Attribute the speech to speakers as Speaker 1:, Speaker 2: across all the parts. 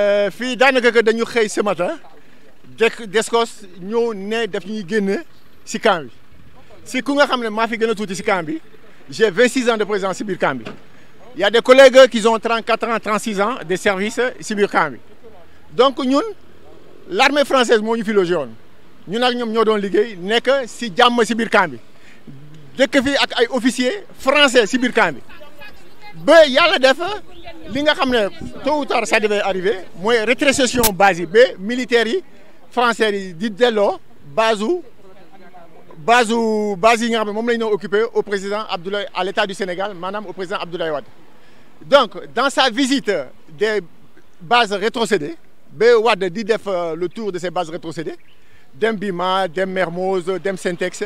Speaker 1: Euh, fii daanaka dañu xëy ce matin dek Descos ñëw ne daf ñuy génne si camp bi si ku nga xam ne maa fi gën a tuuti si camp bi j'ai 26 ans de présence si biir camp bi y a des collègues qui ont 34 ans 36 ans de service si biir camp bi donc ñun l'armée française moo ñu fi logé woon ñun ak ñoom ñoo doon liggéey nekk si jàmm si biir camp bi dëkk fi ak ay officier français si biir camp bi ba yàlla def li nga xam ne tôt ou tard ça devait arriver mooy rétrocession base yi ba militaires yi français yi di delloo base u base u base yi nga xam ne moom la ñu doon occupé au président Abdoulaye à l'état du Sénégal maanaam au président Abdoulaye Wade donc dans sa visite des bases rétrocédées ba Wade di def euh, le tour de ces bases rétrocédées dem Bima dem Mermoz dem Sentex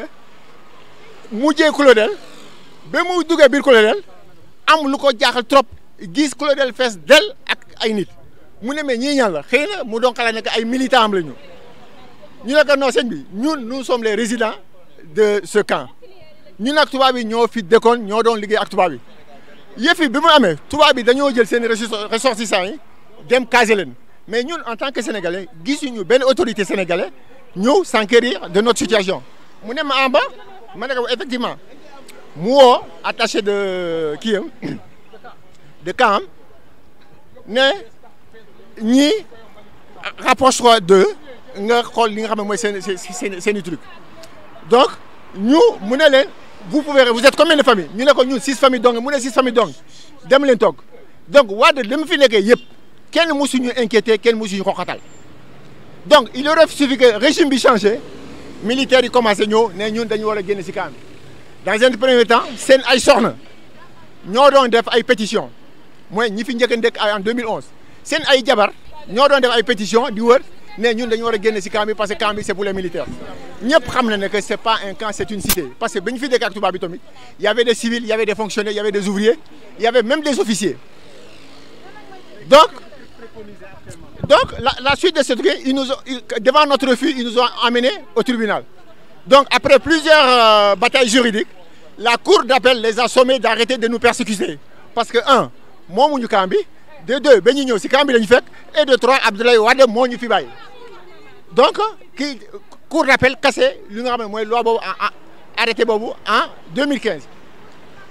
Speaker 1: mujjee Claudel ba mu duggee biir Claudel am lu ko jaaxal trop gis ku la del ak ay nit mu ne mais ñii ñan la xëy na mu donc la nekk ay militant am la ñu ñu ne ko non sëñ bi ñun nous sommes les résidents de ce camp ñun ak tubaab yi ñoo fi dëkkoon ñoo doon liggéey ak tubaab yi yëf bi mu amee tubaab yi dañoo jël seen ressortissants yi dem casé leen mais ñun en tant que gis gisuñu benn autorité sénégalais ñëw s'enquérir de notre situation mu ne ma en bas ma ne ko effectivement mu woo attaché de kii de Kaam ne ñi rapproche-toi d'eux nga xool li nga xam ne mooy seen seen seen i donc ñu mu ne leen vous pouvez vous êtes combien de famille ñu ne ko ñun six familles dong mu ne six familles dong dem leen toog donc Wade li mu fi nekke yëpp kenn mosuñu inquiété kenn mosuñu xoxatal donc il aurait suffi que régime bi changé militaires yi commencé ñëw ne ñu dañu war a génn si Kaam dans un premier temps seen ay soxna ñoo doon def ay pétition mooy ñi fi njëkk a ndekk ay en 2011 seen ay jabar ñoo doon def ay pétition di wër ne ñun dañu war a génn si camp bi parce que camp bi c' est pour les militaires ñëpp xam na ne que c' est pas un camp c' est une cité parce que fi dëkk ak tubaab bi tamit avait des civils y avait des fonctionnaires y avait des ouvriers y avait même des officiers donc donc la la suite de ce truc ils nous ont devant notre refus ils nous ont amenés au tribunal donc après plusieurs euh, batailles juridiques la cour d' appel les a sommés d' arrêter de parce que un moomuñu camp bi de deux ba ñuy ñëw si camp bi lañu fekk et de trois Abdoulaye Wade moo ñu fi bay donc kii cour d'appel cassé li nga xam ne mooy loi boobu arrêté boobu en 2015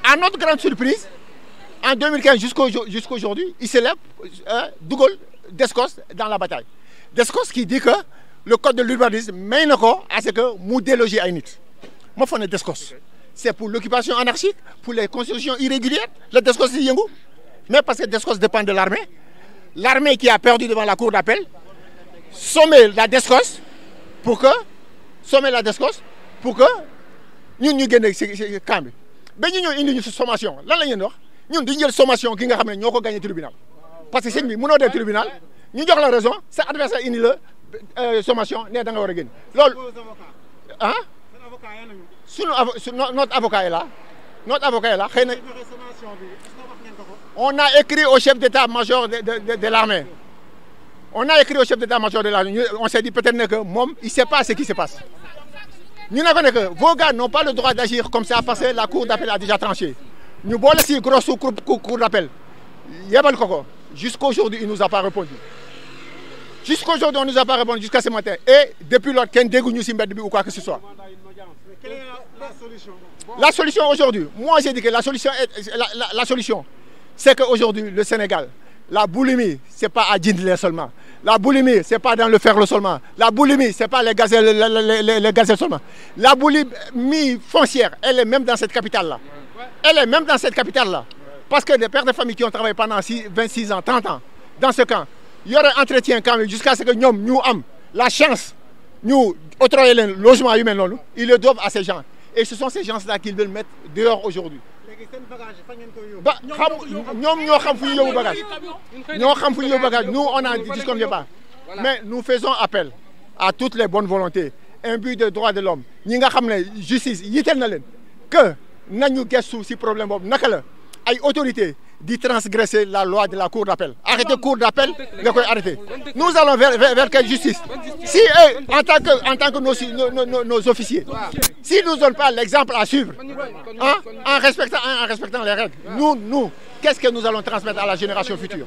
Speaker 1: à notre grande surprise en 2015 jusqu'au jusqu'aujourd'hui il s'élève euh, dugal Descos dans la bataille Descos qui dit que le code de l'urbanisme may na ko à ce que mu déloger ay nit ma foog ne Descos c'est pour l'occupation anarchique pour les constructions irrégulières la Descos si yëngu Mais parce que DESCOS dépend de l'armée. L'armée qui a perdu devant la cour d'appel, sommet la DESCOS pour que sommet la DESCOS pour que ñun ñu génne si si camp bi ba indi si sommation lan la ñuy wax ñun di jël sommation ki nga xam ne ñoo ko gagné tribunal parce que sëñ bi mënoo dee tribunal ñu jox la raison sa adversaire indi la euh, sommation ne da nga war a génn loolu ah sunu avocat notre avocat est là notre avocat la xëy na on a écrit au chef d'état-major de l'armée on a écrit au chef d'état-major de l'armée on s'est dit peut-être ne que moom il sait pas ce qui se passe ñu ne ko que vos n'ont pas le droit d'agir comme ça parce que la cour d'appel a déjà tranché ñu boole si grosse cour cour d'appel yebal ko ko jusqu'aujourd'hui il nous a pas répondu jusqu'à ce matin et depuis lors kenn dégguñu si mbedd bi ou quoi que ce soit La solution aujourd'hui, moi j'ai dit que solution, est, la, la, la solution c'est qu'aujourd'hui, le Sénégal, la boulimie, c'est pas à Djindler seulement. La boulimie, c'est pas dans le ferlo seulement. La boulimie, c'est pas les gazelles, les, les, les gazelles seulement. La boulimie foncière, elle est même dans cette capitale-là. Elle est même dans cette capitale Parce que les pères de famille qui ont travaillé pendant 6, 26 ans, 30 ans, dans ce camp, il y aurait entretien quand jusqu'à ce que nous, nous, la chance, nous, octroyer le logement humain, ils le doivent à ces et ce sont ces gens-là qu'ils mettre dehors aujourd'hui ba xam ñoom ñoo xam fu ñu bagage ñoo xam fu ñu yóbbu bagage nous on a dit juste comme mais nous faisons appel à toutes les bonnes volontés imbus de droits de l'homme ñi nga xam ne justice yitteel na leen que nañu gestu ci problème boobu naka la ay autorités di transgresser la loi de la cour d'appel arrêté cour d'appel nous allons vers quelle justice si eh, en tant que nos officiers s'ils nous donnent pas l'exemple à suivre en respectant les règles nous qu'est-ce que nous allons transmettre à la génération future